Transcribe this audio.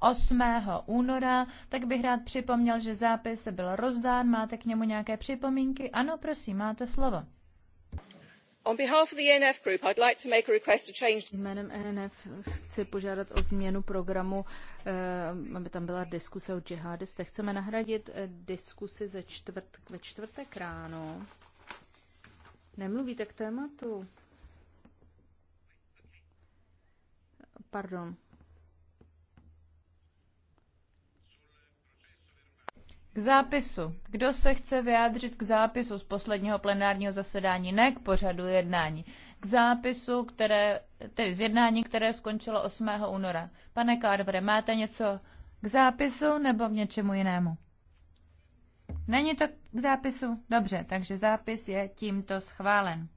8. února, tak bych rád připomněl, že zápis se byl rozdán. Máte k němu nějaké připomínky? Ano, prosím, máte slovo. Jménem ENF chci požádat o změnu programu, eh, aby tam byla diskuse o džihadistech. Chceme nahradit eh, diskusi ze čtvrt, ve čtvrtek ráno. Nemluvíte k tématu? Pardon. K zápisu. Kdo se chce vyjádřit k zápisu z posledního plenárního zasedání, ne k pořadu jednání, k zápisu, které, tedy z jednání, které skončilo 8. února. Pane Carvere, máte něco k zápisu nebo k něčemu jinému? Není to k zápisu? Dobře, takže zápis je tímto schválen.